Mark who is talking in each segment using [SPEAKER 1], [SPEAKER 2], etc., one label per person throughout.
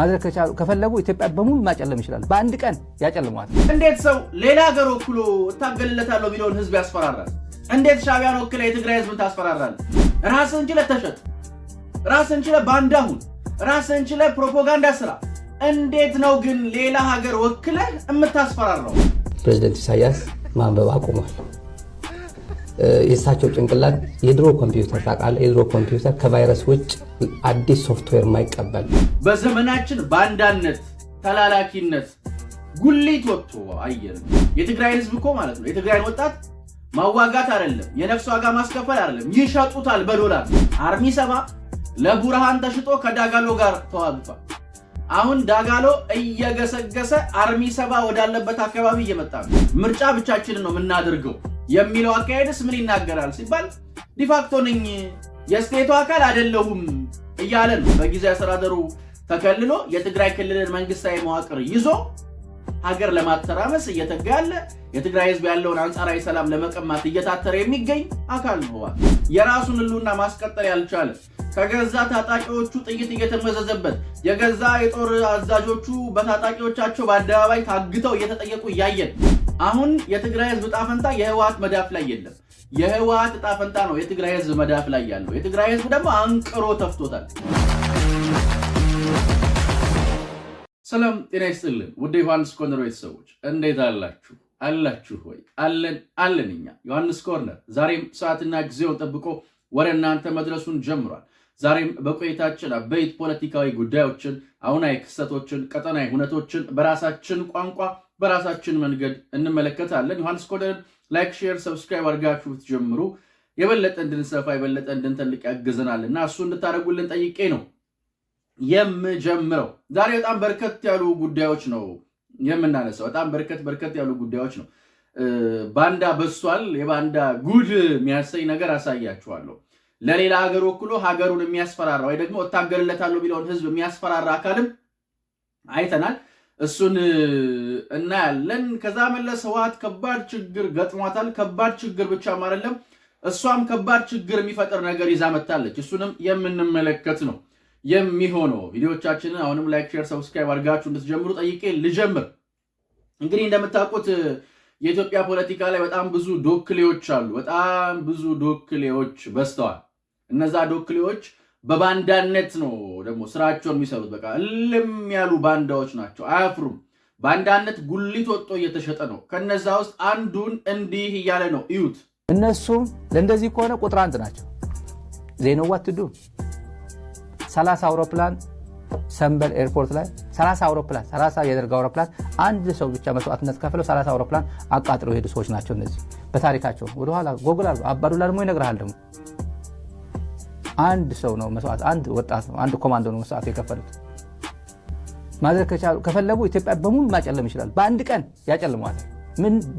[SPEAKER 1] ማድረግ ከፈለጉ ኢትዮጵያ በሙሉ ማጨለም ይችላል። በአንድ ቀን ያጨልመዋል። እንዴት ሰው ሌላ ሀገር ወክሎ እታገልለታለሁ የሚለውን ህዝብ ያስፈራራል? እንዴት ሻቢያን ወክለ የትግራይ ህዝብን ታስፈራራል? ራስን ችለ ተሸጥ፣ ራስን ችለ ባንዳ ሁን፣ ራስን ችለ ፕሮፓጋንዳ ስራ። እንዴት ነው ግን ሌላ ሀገር ወክለ የምታስፈራራው?
[SPEAKER 2] ፕሬዚደንት ኢሳያስ ማንበብ አቁሟል። የእሳቸው ጭንቅላት የድሮ ኮምፒውተር ታውቃለህ፣ የድሮ ኮምፒውተር ከቫይረስ ውጭ አዲስ ሶፍትዌር ማይቀበል።
[SPEAKER 1] በዘመናችን ባንዳነት፣ ተላላኪነት ጉሊት ወጥቶ አየር የትግራይን ህዝብ እኮ ማለት ነው የትግራይን ወጣት ማዋጋት አይደለም የነፍስ ዋጋ ማስከፈል አይደለም፣ ይሸጡታል በዶላር አርሚ ሰባ ለቡርሃን ተሽጦ ከዳጋሎ ጋር ተዋግቷል። አሁን ዳጋሎ እየገሰገሰ አርሚ ሰባ ወዳለበት አካባቢ እየመጣ ነው። ምርጫ ብቻችንን ነው የምናደርገው። የሚለው አካሄድስ ምን ይናገራል ሲባል ዲፋክቶ ነኝ የስቴቱ አካል አይደለሁም እያለ ነው። በጊዜ አስተዳደሩ ተከልሎ የትግራይ ክልልን መንግስታዊ መዋቅር ይዞ ሀገር ለማተራመስ እየተጋ ያለ የትግራይ ህዝብ ያለውን አንጻራዊ ሰላም ለመቀማት እየታተረ የሚገኝ አካል ነው። የራሱን ህልውና ማስቀጠል ያልቻለ ከገዛ ታጣቂዎቹ ጥይት እየተመዘዘበት የገዛ የጦር አዛዦቹ በታጣቂዎቻቸው በአደባባይ ታግተው እየተጠየቁ እያየን አሁን የትግራይ ህዝብ ጣፈንታ የህወሀት መዳፍ ላይ የለም። የህወሀት ጣፈንታ ነው የትግራይ ህዝብ መዳፍ ላይ ያለው። የትግራይ ህዝብ ደግሞ አንቅሮ ተፍቶታል። ሰላም ጤና ይስጥልን። ውድ ዮሐንስ ኮርነር ቤተሰቦች እንዴት አላችሁ? አላችሁ ወይ? አለን አለን። እኛ ዮሐንስ ኮርነር ዛሬም ሰዓትና ጊዜውን ጠብቆ ወደ እናንተ መድረሱን ጀምሯል። ዛሬም በቆይታችን አበይት ፖለቲካዊ ጉዳዮችን፣ አሁናዊ ክስተቶችን፣ ቀጠናዊ ሁነቶችን በራሳችን ቋንቋ በራሳችን መንገድ እንመለከታለን። ዮሐንስ ኮደር ላይክ፣ ሼር፣ ሰብስክራይብ አድርጋችሁ ብትጀምሩ የበለጠ እንድንሰፋ የበለጠ እንድንተልቅ ያግዘናል እና እሱ እንድታደርጉልን ጠይቄ ነው የምጀምረው። ዛሬ በጣም በርከት ያሉ ጉዳዮች ነው የምናነሳው። በጣም በርከት በርከት ያሉ ጉዳዮች ነው። ባንዳ በሷል። የባንዳ ጉድ የሚያሰኝ ነገር አሳያችኋለሁ። ለሌላ ሀገር ወክሎ ሀገሩን የሚያስፈራራ ወይ ደግሞ እታገልለታለሁ የሚለውን ህዝብ የሚያስፈራራ አካልም አይተናል። እሱን እናያለን። ከዛ መለስ ህወሓት ከባድ ችግር ገጥሟታል። ከባድ ችግር ብቻም አይደለም፣ እሷም ከባድ ችግር የሚፈጥር ነገር ይዛ መታለች። እሱንም የምንመለከት ነው የሚሆነው። ቪዲዮቻችንን አሁንም ላይክ፣ ሼር፣ ሰብስክራይብ አድርጋችሁ እንድትጀምሩ ጠይቄ ልጀምር። እንግዲህ እንደምታውቁት የኢትዮጵያ ፖለቲካ ላይ በጣም ብዙ ዶክሌዎች አሉ። በጣም ብዙ ዶክሌዎች በዝተዋል። እነዛ ዶክሌዎች በባንዳነት ነው ደግሞ ስራቸውን የሚሰሩት። በቃ እልም ያሉ ባንዳዎች ናቸው፣ አያፍሩም። ባንዳነት ጉሊት ወጥቶ እየተሸጠ ነው። ከነዛ ውስጥ አንዱን እንዲህ እያለ ነው እዩት።
[SPEAKER 2] እነሱም ለእንደዚህ ከሆነ ቁጥር አንድ ናቸው። ዜነዋት ትዱ 30 አውሮፕላን ሰንበል ኤርፖርት ላይ 30 አውሮፕላን 30 የደርግ አውሮፕላን አንድ ሰው ብቻ መስዋዕትነት ከፍለው 30 አውሮፕላን አቃጥለው የሄዱ ሰዎች ናቸው። እነዚህ በታሪካቸው ወደኋላ ጎግል አሉ አባዱላ ደግሞ ይነግርሃል ደግሞ አንድ ሰው ነው መስዋዕት፣ አንድ ወጣት ነው፣ አንድ ኮማንዶ ነው መስዋዕት የከፈሉት። ማድረግ ከቻሉ ከፈለጉ ኢትዮጵያ በሙሉ ማጨለም ይችላል። በአንድ ቀን ያጨልሟት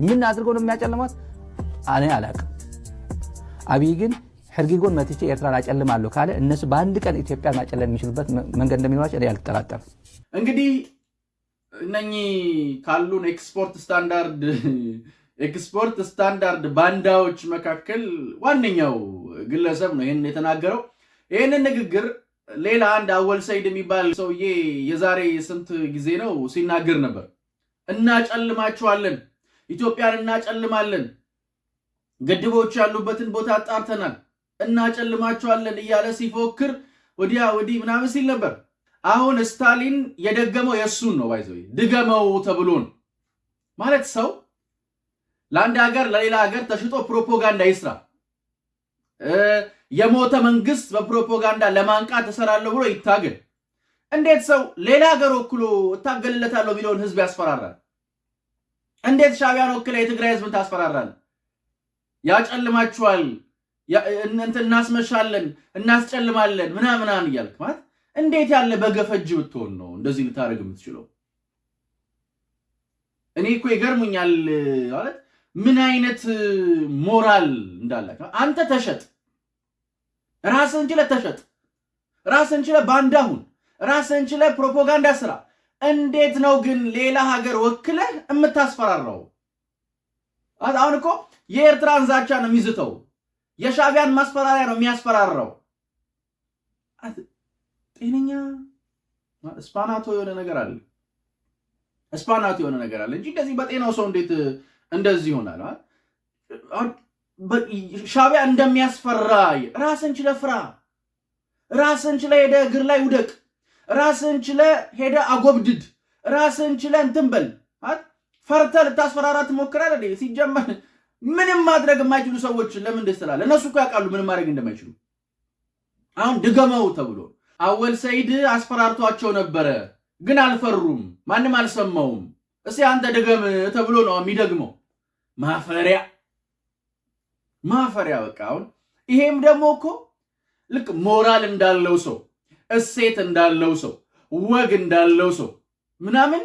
[SPEAKER 2] ምን አድርገው ነው የሚያጨልሟት? እኔ አላቅም። አብይ ግን ሕርጊጎን መትቼ ኤርትራን አጨልማለሁ ካለ እነሱ በአንድ ቀን ኢትዮጵያ ማጨለም የሚችሉበት መንገድ እንደሚኖራቸው እኔ አልጠራጠርም።
[SPEAKER 1] እንግዲህ እነኚህ ካሉን ኤክስፖርት ስታንዳርድ ኤክስፖርት ስታንዳርድ ባንዳዎች መካከል ዋነኛው ግለሰብ ነው ይህን የተናገረው። ይህንን ንግግር ሌላ አንድ አወል ሰይድ የሚባል ሰውዬ የዛሬ ስንት ጊዜ ነው ሲናገር ነበር። እናጨልማችኋለን፣ ኢትዮጵያን እናጨልማለን፣ ግድቦች ያሉበትን ቦታ አጣርተናል፣ እናጨልማችኋለን እያለ ሲፎክር ወዲያ ወዲህ ምናምን ሲል ነበር። አሁን ስታሊን የደገመው የእሱን ነው። ባይዘ ድገመው ተብሎ ነው ማለት ሰው ለአንድ ሀገር ለሌላ ሀገር ተሽጦ ፕሮፓጋንዳ ይስራ። የሞተ መንግስት በፕሮፓጋንዳ ለማንቃት እሰራለሁ ብሎ ይታገል። እንዴት ሰው ሌላ ሀገር ወክሎ እታገልለታለሁ የሚለውን ህዝብ ያስፈራራል? እንዴት ሻቢያን ወክለ የትግራይ ህዝብን ታስፈራራል? ያጨልማችኋል፣ እናስመሻለን፣ እናስጨልማለን ምናምናን እያልክ ማለት እንዴት ያለ በገፈጅ ብትሆን ነው እንደዚህ ልታደርግ የምትችለው? እኔ እኮ ይገርሙኛል ማለት ምን አይነት ሞራል እንዳላቸው አንተ ተሸጥ፣ ራስን ችለ ተሸጥ፣ ራስን ችለ ባንዳ ሁን፣ ራስን ችለ ፕሮፓጋንዳ ስራ። እንዴት ነው ግን ሌላ ሀገር ወክለህ የምታስፈራራው? አሁን እኮ የኤርትራን ዛቻ ነው የሚዝተው፣ የሻቢያን ማስፈራሪያ ነው የሚያስፈራራው። ጤነኛ ስፓናቶ የሆነ ነገር አለ፣ ስፓናቶ የሆነ ነገር አለ እንጂ እንደዚህ በጤናው ሰው እንዴት እንደዚህ ይሆናል። ሻቢያ እንደሚያስፈራ ራስን ችለ ፍራ። ራስን ችለ ሄደ እግር ላይ ውደቅ። ራስን ችለ ሄደ አጎብድድ። ራስን ችለ እንትን በል። ፈርተ ልታስፈራራ ትሞክራል። ሲጀመር ምንም ማድረግ የማይችሉ ሰዎች ለምን ደስ ትላለህ? እነሱ እኮ ያውቃሉ ምንም ማድረግ እንደማይችሉ። አሁን ድገመው ተብሎ አወል ሰይድ አስፈራርቷቸው ነበረ፣ ግን አልፈሩም፣ ማንም አልሰማውም። እስኪ አንተ ድገም ተብሎ ነው የሚደግመው። ማፈሪያ ማፈሪያ በቃ አሁን ይሄም ደግሞ እኮ ልክ ሞራል እንዳለው ሰው እሴት እንዳለው ሰው ወግ እንዳለው ሰው ምናምን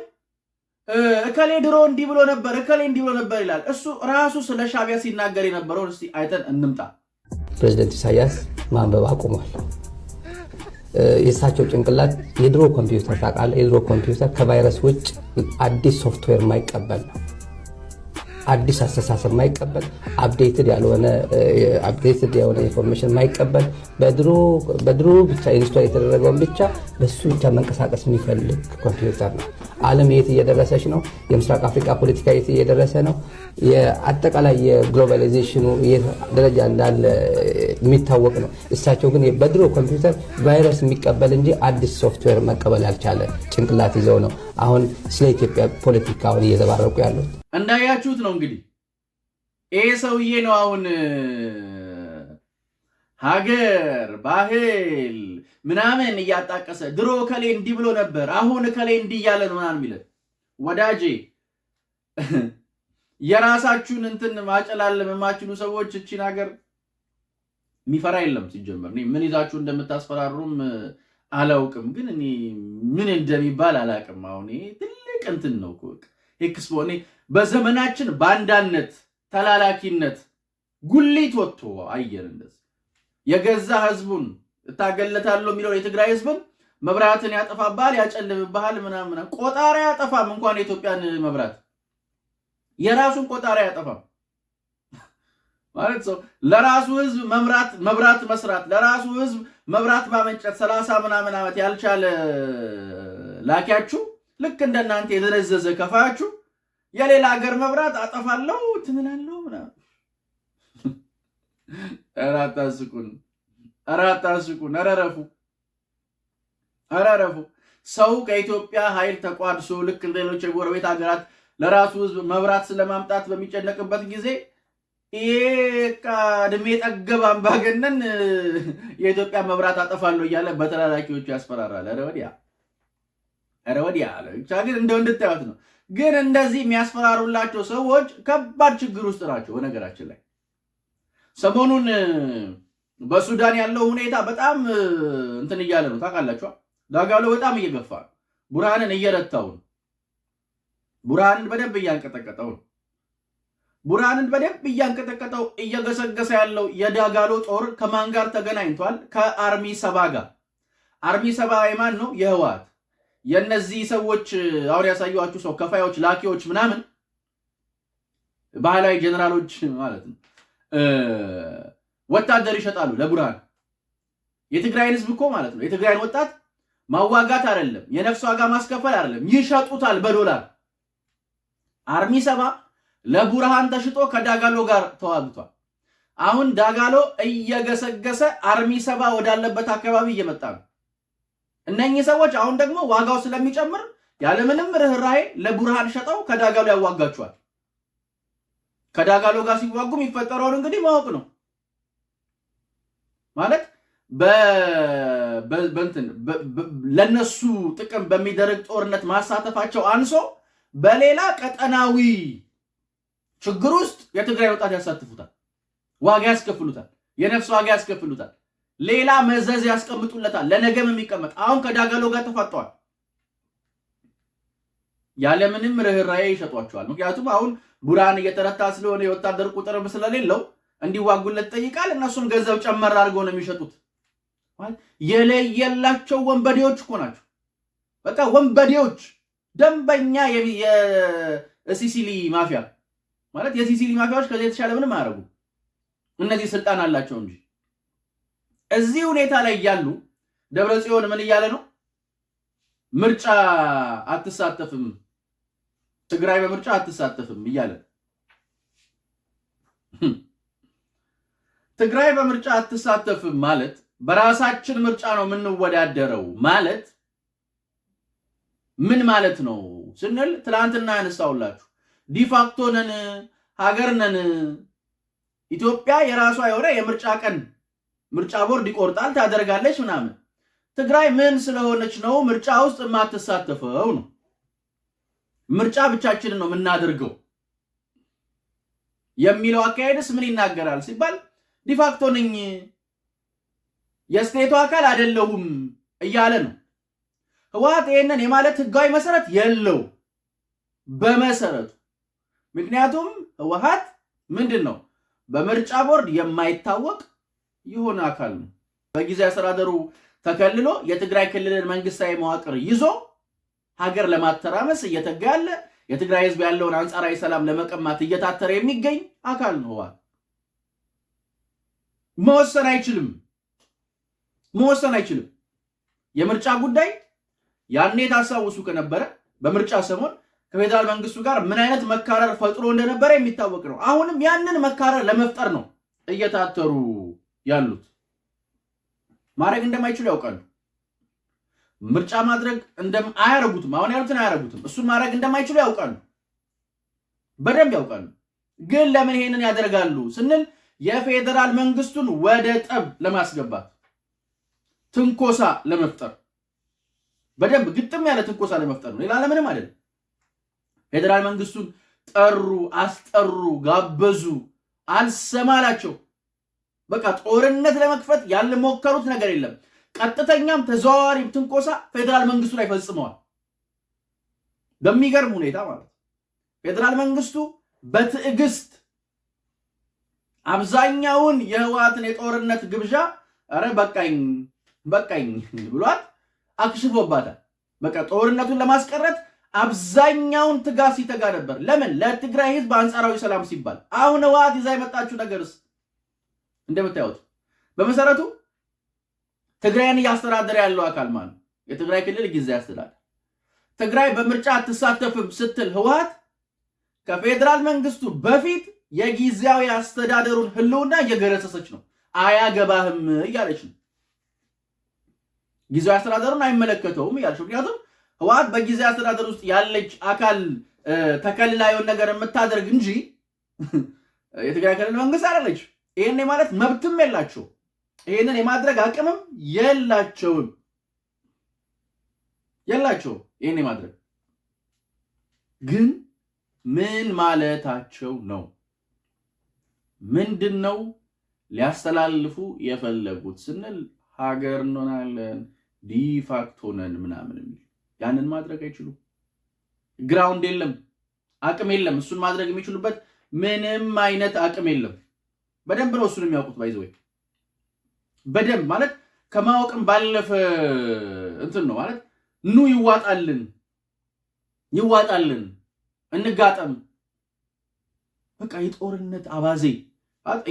[SPEAKER 1] እከሌ ድሮ እንዲህ ብሎ ነበር፣ እከሌ እንዲህ ብሎ ነበር ይላል። እሱ ራሱ ስለ ሻቢያ ሲናገር የነበረውን እስቲ አይተን እንምጣ።
[SPEAKER 2] ፕሬዚደንት ኢሳያስ ማንበብ አቁሟል። የእሳቸው ጭንቅላት የድሮ ኮምፒውተር ታውቃለህ፣ የድሮ ኮምፒውተር ከቫይረስ ውጭ አዲስ ሶፍትዌር የማይቀበል ነው። አዲስ አስተሳሰብ ማይቀበል አፕዴትድ ያልሆነ አፕዴትድ የሆነ ኢንፎርሜሽን ማይቀበል በድሮ ብቻ ኢንስቶል የተደረገውን ብቻ በሱ ብቻ መንቀሳቀስ የሚፈልግ ኮምፒውተር ነው። ዓለም የት እየደረሰች ነው? የምስራቅ አፍሪካ ፖለቲካ የት እየደረሰ ነው? አጠቃላይ የግሎባላይዜሽኑ ደረጃ እንዳለ የሚታወቅ ነው። እሳቸው ግን በድሮ ኮምፒውተር ቫይረስ የሚቀበል እንጂ አዲስ ሶፍትዌር መቀበል ያልቻለ ጭንቅላት ይዘው ነው አሁን ስለ ኢትዮጵያ ፖለቲካ ሁን እየተባረቁ ያሉት።
[SPEAKER 1] እንዳያችሁት ነው እንግዲህ ይህ ሰውዬ ነው አሁን ሀገር ባህል ምናምን እያጣቀሰ ድሮ እከሌ እንዲህ ብሎ ነበር፣ አሁን እከሌ እንዲህ እያለ ነው ምናምን የሚለን ወዳጄ የራሳችሁን እንትን ማጨላለም የማችሉ ሰዎች እቺን ሀገር የሚፈራ የለም። ሲጀመር ምን ይዛችሁ እንደምታስፈራሩም አላውቅም፣ ግን እኔ ምን እንደሚባል አላውቅም። አሁን ትልቅ እንትን ነው ኤክስፖ። እኔ በዘመናችን ባንዳነት፣ ተላላኪነት ጉሊት ወጥቶ አየን እንደዚህ የገዛ ህዝቡን ታገለታለሁ የሚለውን የትግራይ ህዝብም መብራትን ያጠፋብሃል፣ ያጨልምብሃል ምናምን ቆጣሪ ያጠፋም እንኳን የኢትዮጵያን መብራት የራሱን ቆጣሪ ያጠፋም ማለት ሰው ለራሱ ህዝብ መብራት መብራት መስራት ለራሱ ህዝብ መብራት ማመንጨት ሰላሳ ምናምን ዓመት ያልቻለ ላኪያችሁ ልክ እንደናንተ የደነዘዘ ከፋያችሁ የሌላ ሀገር መብራት አጠፋለሁ ትምላለሁ ምናምን ኧረ አታስቁን። ኧረ አታስቁን! ኧረ እረፉ! ኧረ እረፉ! ሰው ከኢትዮጵያ ኃይል ተቋድሶ ልክ ሌሎች የጎረቤት ሀገራት ለራሱ ሕዝብ መብራት ስለማምጣት በሚጨነቅበት ጊዜ ይሄ ዕድሜ ጠገብ አምባገነን የኢትዮጵያ መብራት አጠፋለሁ እያለ በተላላኪዎቹ ያስፈራራል። ኧረ ወዲያ ኧረ ወዲያ አለ። ብቻ ግን እንደው እንድታዩት ነው። ግን እንደዚህ የሚያስፈራሩላቸው ሰዎች ከባድ ችግር ውስጥ ናቸው። በነገራችን ላይ ሰሞኑን በሱዳን ያለው ሁኔታ በጣም እንትን እያለ ነው ታውቃላችሁ። ዳጋሎ በጣም እየገፋ ነው። ቡርሃንን እየረታው ነው። ቡርሃንን በደንብ እያንቀጠቀጠው ነው። ቡርሃንን በደንብ እያንቀጠቀጠው እየገሰገሰ ያለው የዳጋሎ ጦር ከማን ጋር ተገናኝቷል? ከአርሚ ሰባ ጋር። አርሚ ሰባ የማን ነው? የህወሓት የእነዚህ ሰዎች አሁን ያሳየኋችሁ ሰው ከፋዮች፣ ላኪዎች ምናምን ባህላዊ ጀነራሎች ማለት ነው። ወታደር ይሸጣሉ ለቡርሃን። የትግራይን ህዝብ እኮ ማለት ነው የትግራይን ወጣት ማዋጋት አይደለም የነፍስ ዋጋ ማስከፈል አይደለም፣ ይሸጡታል በዶላር። አርሚ ሰባ ለቡርሃን ተሽጦ ከዳጋሎ ጋር ተዋግቷል። አሁን ዳጋሎ እየገሰገሰ አርሚ ሰባ ወዳለበት አካባቢ እየመጣ ነው። እነኚህ ሰዎች አሁን ደግሞ ዋጋው ስለሚጨምር ያለምንም ርኅራሄ ለቡርሃን ሸጠው ከዳጋሎ ያዋጋቸዋል። ከዳጋሎ ጋር ሲዋጉም የሚፈጠረውን እንግዲህ ማወቅ ነው። ማለት በእንትን ለነሱ ጥቅም በሚደረግ ጦርነት ማሳተፋቸው አንሶ በሌላ ቀጠናዊ ችግር ውስጥ የትግራይ ወጣት ያሳትፉታል፣ ዋጋ ያስከፍሉታል፣ የነፍስ ዋጋ ያስከፍሉታል፣ ሌላ መዘዝ ያስቀምጡለታል። ለነገም የሚቀመጥ አሁን ከዳጋሎ ጋር ተፋጠዋል። ያለምንም ርኅራዬ ይሸጧቸዋል። ምክንያቱም አሁን ቡራን እየተረታ ስለሆነ የወታደር ቁጥርም ስለሌለው እንዲዋጉለት ጠይቃል። እነሱም ገንዘብ ጨመር አድርገው ነው የሚሸጡት። የለየላቸው ወንበዴዎች እኮ ናቸው። በቃ ወንበዴዎች፣ ደንበኛ የሲሲሊ ማፊያ ማለት የሲሲሊ ማፊያዎች ከዚህ የተሻለ ምንም አያደርጉም። እነዚህ ስልጣን አላቸው እንጂ እዚህ ሁኔታ ላይ ያሉ ደብረ ጽዮን ምን እያለ ነው? ምርጫ አትሳተፍም፣ ትግራይ በምርጫ አትሳተፍም እያለ ትግራይ በምርጫ አትሳተፍም ማለት በራሳችን ምርጫ ነው የምንወዳደረው ማለት ምን ማለት ነው ስንል ትናንትና ያነሳውላችሁ ዲፋክቶ ነን፣ ሀገር ነን። ኢትዮጵያ የራሷ የሆነ የምርጫ ቀን ምርጫ ቦርድ ይቆርጣል፣ ታደርጋለች ምናምን። ትግራይ ምን ስለሆነች ነው ምርጫ ውስጥ የማትሳተፈው? ነው ምርጫ ብቻችንን ነው የምናደርገው የሚለው አካሄድስ ምን ይናገራል ሲባል ዲፋክቶ ነኝ የስቴቱ አካል አይደለሁም እያለ ነው። ህወሓት ይህንን የማለት ህጋዊ መሰረት የለው በመሰረቱ። ምክንያቱም ህወሓት ምንድን ነው በምርጫ ቦርድ የማይታወቅ የሆነ አካል ነው። በጊዜ አስተዳደሩ ተከልሎ የትግራይ ክልልን መንግስታዊ መዋቅር ይዞ ሀገር ለማተራመስ እየተጋ ያለ የትግራይ ህዝብ ያለውን አንጻራዊ ሰላም ለመቀማት እየታተረ የሚገኝ አካል ነው ህወሓት። መወሰን አይችልም መወሰን አይችልም። የምርጫ ጉዳይ ያኔ ታስታውሱ ከነበረ በምርጫ ሰሞን ከፌዴራል መንግስቱ ጋር ምን አይነት መካረር ፈጥሮ እንደነበረ የሚታወቅ ነው። አሁንም ያንን መካረር ለመፍጠር ነው እየታተሩ ያሉት። ማድረግ እንደማይችሉ ያውቃሉ። ምርጫ ማድረግ አያረጉትም። አሁን ያሉትን አያረጉትም። እሱን ማድረግ እንደማይችሉ ያውቃሉ፣ በደንብ ያውቃሉ። ግን ለምን ይሄንን ያደርጋሉ ስንል የፌዴራል መንግስቱን ወደ ጠብ ለማስገባት ትንኮሳ ለመፍጠር በደንብ ግጥም ያለ ትንኮሳ ለመፍጠር ነው። ሌላ ለምንም አይደለም። ፌዴራል መንግስቱን ጠሩ፣ አስጠሩ፣ ጋበዙ፣ አልሰማላቸው። በቃ ጦርነት ለመክፈት ያልሞከሩት ነገር የለም። ቀጥተኛም ተዘዋዋሪም ትንኮሳ ፌዴራል መንግስቱ ላይ ፈጽመዋል። በሚገርም ሁኔታ ማለት ፌዴራል መንግስቱ በትዕግስት አብዛኛውን የህወሓትን የጦርነት ግብዣ ኧረ በቃኝ በቃኝ ብሏት አክሽፎባታል። በቃ ጦርነቱን ለማስቀረት አብዛኛውን ትጋ ሲተጋ ነበር። ለምን? ለትግራይ ህዝብ አንጻራዊ ሰላም ሲባል። አሁን ህወሓት ይዛ የመጣችው ነገርስ እንደምታዩት በመሰረቱ ትግራይን እያስተዳደረ ያለው አካል ማለት የትግራይ ክልል ጊዜያዊ አስተዳደር ትግራይ በምርጫ አትሳተፍም ስትል ህወሓት ከፌዴራል መንግስቱ በፊት የጊዜያዊ አስተዳደሩን ህልውና እየገረሰሰች ነው። አያገባህም እያለች ነው። ጊዜያዊ አስተዳደሩን አይመለከተውም እያለች ምክንያቱም ህወሓት በጊዜያዊ አስተዳደር ውስጥ ያለች አካል ተከልላ ነገር የምታደርግ እንጂ የትግራይ ክልል መንግስት አላለች። ይህን ማለት መብትም የላቸው፣ ይህንን የማድረግ አቅምም የላቸውም የላቸው ይህን የማድረግ ግን ምን ማለታቸው ነው? ምንድን ነው ሊያስተላልፉ የፈለጉት ስንል ሀገር እንሆናለን ዲፋክቶ ነን ምናምን የሚል ያንን ማድረግ አይችሉም። ግራውንድ የለም፣ አቅም የለም። እሱን ማድረግ የሚችሉበት ምንም አይነት አቅም የለም። በደንብ ነው እሱን የሚያውቁት። ባይዘ ወይ በደንብ ማለት ከማወቅም ባለፈ እንትን ነው ማለት ኑ ይዋጣልን፣ ይዋጣልን፣ እንጋጠም በቃ የጦርነት አባዜ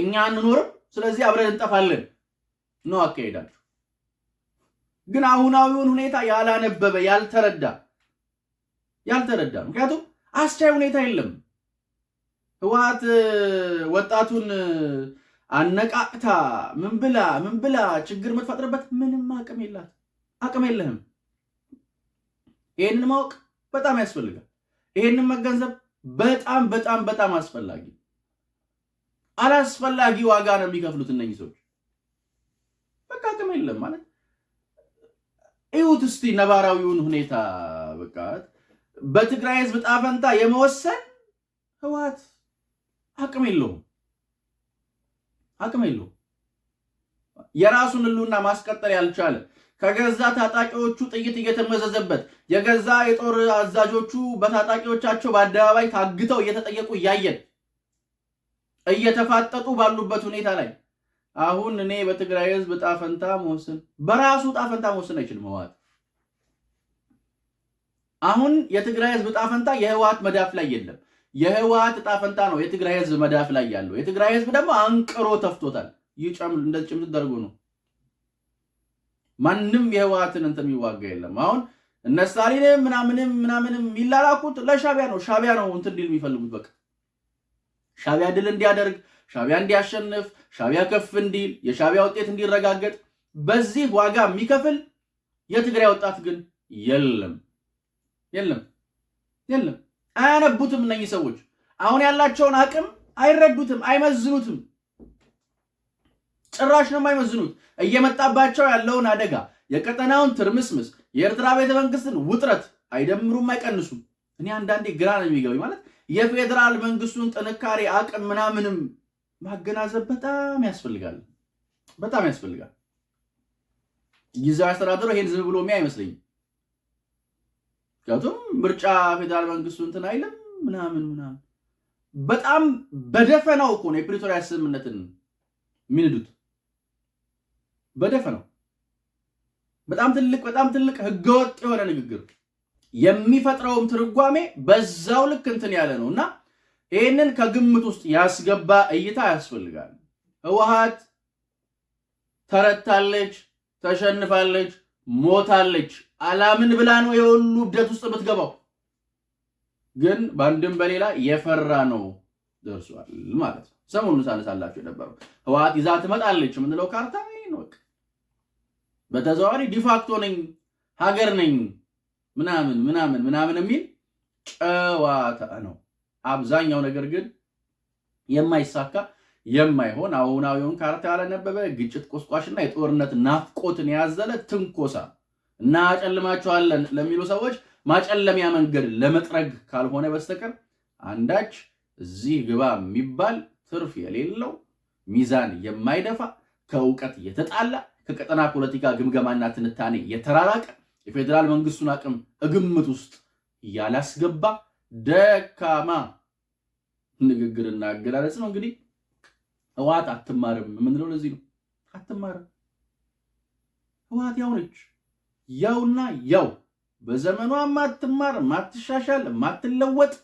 [SPEAKER 1] እኛ አንኖርም፣ ስለዚህ አብረን እንጠፋለን ነው አካሄዳችሁ። ግን አሁናዊውን ሁኔታ ያላነበበ ያልተረዳ ያልተረዳ ምክንያቱም አስቻይ ሁኔታ የለም። ህወሓት ወጣቱን አነቃቅታ ምን ብላ ምን ብላ ችግር የምትፈጥርበት ምንም አቅም የላት አቅም የለህም። ይህንን ማወቅ በጣም ያስፈልጋል። ይህንን መገንዘብ በጣም በጣም በጣም አስፈላጊ አላስፈላጊ ዋጋ ነው የሚከፍሉት እነኚህ ሰዎች። በቃ አቅም የለም ማለት እዩት እስቲ ነባራዊውን ሁኔታ በቃ በትግራይ ህዝብ ጣፈንታ የመወሰን ህወሓት አቅም የለውም አቅም የለውም። የራሱን ህልውና ማስቀጠል ያልቻለ ከገዛ ታጣቂዎቹ ጥይት እየተመዘዘበት የገዛ የጦር አዛዦቹ በታጣቂዎቻቸው በአደባባይ ታግተው እየተጠየቁ እያየን እየተፋጠጡ ባሉበት ሁኔታ ላይ አሁን እኔ በትግራይ ህዝብ ጣፈንታ መወስን በራሱ ጣፈንታ መወስን አይችልም ህወሓት። አሁን የትግራይ ህዝብ ጣፈንታ የህወሓት መዳፍ ላይ የለም። የህወሓት ጣፈንታ ነው የትግራይ ህዝብ መዳፍ ላይ ያለው። የትግራይ ህዝብ ደግሞ አንቅሮ ተፍቶታል። ይህ እንደዚህ ጭምት ደርጎ ነው ማንም የህወሓትን እንትን የሚዋጋ የለም። አሁን እነ ስታሊንም ምናምንም ምናምንም የሚላላኩት ለሻቢያ ነው። ሻቢያ ነው እንትን ድል የሚፈልጉት በቃ ሻቢያ ድል እንዲያደርግ፣ ሻቢያ እንዲያሸንፍ፣ ሻቢያ ከፍ እንዲል፣ የሻቢያ ውጤት እንዲረጋገጥ በዚህ ዋጋ የሚከፍል የትግራይ ወጣት ግን የለም የለም የለም። አያነቡትም እነኚህ ሰዎች አሁን ያላቸውን አቅም አይረዱትም፣ አይመዝኑትም። ጭራሽ ነው የማይመዝኑት። እየመጣባቸው ያለውን አደጋ፣ የቀጠናውን ትርምስምስ፣ የኤርትራ ቤተመንግስትን ውጥረት አይደምሩም፣ አይቀንሱም። እኔ አንዳንዴ ግራ ነው የሚገባኝ። ማለት የፌዴራል መንግስቱን ጥንካሬ፣ አቅም ምናምንም ማገናዘብ በጣም ያስፈልጋል፣ በጣም ያስፈልጋል። ጊዜያዊ አስተዳደሩ ይሄን ዝም ብሎ የሚያ አይመስለኝም። ምክንያቱም ምርጫ ፌዴራል መንግስቱ እንትን አይልም ምናምን ምናምን በጣም በደፈናው እኮ ነው የፕሪቶሪያ ስምምነትን የሚንዱት። በደፈናው በጣም ትልቅ በጣም ትልቅ ህገወጥ የሆነ ንግግር የሚፈጥረውም ትርጓሜ በዛው ልክ እንትን ያለ ነው እና ይህንን ከግምት ውስጥ ያስገባ እይታ ያስፈልጋል። ህወሓት ተረታለች፣ ተሸንፋለች፣ ሞታለች፣ አላምን ብላ ነው የሁሉ እብደት ውስጥ የምትገባው። ግን በአንድም በሌላ የፈራ ነው ደርሷል ማለት ነው። ሰሞኑን ሳነሳላችሁ የነበረው ህወሓት ይዛ ትመጣለች የምንለው ካርታ ነው። በተዘዋዋሪ ዲፋክቶ ነኝ ሀገር ነኝ ምናምን ምናምን ምናምን የሚል ጨዋታ ነው። አብዛኛው ነገር ግን የማይሳካ የማይሆን አሁናዊውን ካርታ ያለነበበ ግጭት ቆስቋሽና የጦርነት ናፍቆትን ያዘለ ትንኮሳ እናጨልማቸዋለን ለሚሉ ሰዎች ማጨለሚያ መንገድ ለመጥረግ ካልሆነ በስተቀር አንዳች እዚህ ግባ የሚባል ትርፍ የሌለው ሚዛን የማይደፋ ከእውቀት የተጣላ ከቀጠና ፖለቲካ ግምገማና ትንታኔ የተራራቀ የፌዴራል መንግስቱን አቅም ግምት ውስጥ ያላስገባ ደካማ ንግግርና አገላለጽ ነው። እንግዲህ ህወሓት አትማርም የምንለው ለዚህ ነው። አትማርም ህወሓት ያው ነች፣ ያውና ያው በዘመኗ ማትማር ማትሻሻል ማትለወጥ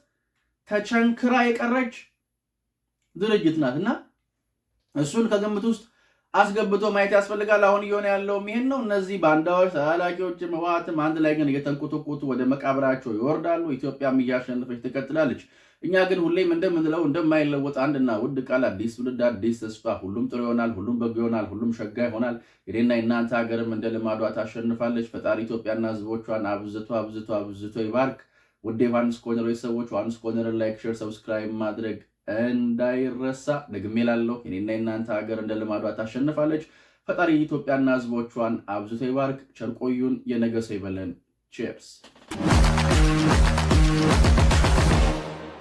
[SPEAKER 1] ተቸንክራ የቀረች ድርጅት ናት እና እሱን ከግምት ውስጥ አስገብቶ ማየት ያስፈልጋል። አሁን እየሆነ ያለው ይሄን ነው። እነዚህ ባንዳዎች ተላላኪዎችም ህወሓትም አንድ ላይ ግን እየተንቆጠቆጡ ወደ መቃብራቸው ይወርዳሉ። ኢትዮጵያም እያሸነፈች ትቀጥላለች። እኛ ግን ሁሌም እንደምንለው እንደማይለወጥ አንድና ውድ ቃል አዲስ ትውልድ አዲስ ተስፋ፣ ሁሉም ጥሩ ይሆናል፣ ሁሉም በጎ ይሆናል፣ ሁሉም ሸጋ ይሆናል። የኔና የእናንተ ሀገርም እንደ ልማዷ ታሸንፋለች። ፈጣሪ ኢትዮጵያና ህዝቦቿን አብዝቶ አብዝቶ አብዝቶ ይባርክ። ውድ ዮሐንስ ኮርነር ቤተሰቦች ዮሐንስ ኮርነርን ላይክ፣ ሼር፣ ሰብስክራይብ ማድረግ እንዳይረሳ ደግሜ ላለሁ የኔና የእናንተ ሀገር እንደ ልማዷ ታሸንፋለች። ፈጣሪ ኢትዮጵያና ሕዝቦቿን አብዝቶ ይባርክ። ቸርቆዩን የነገሰ ይበለን። ቺርስ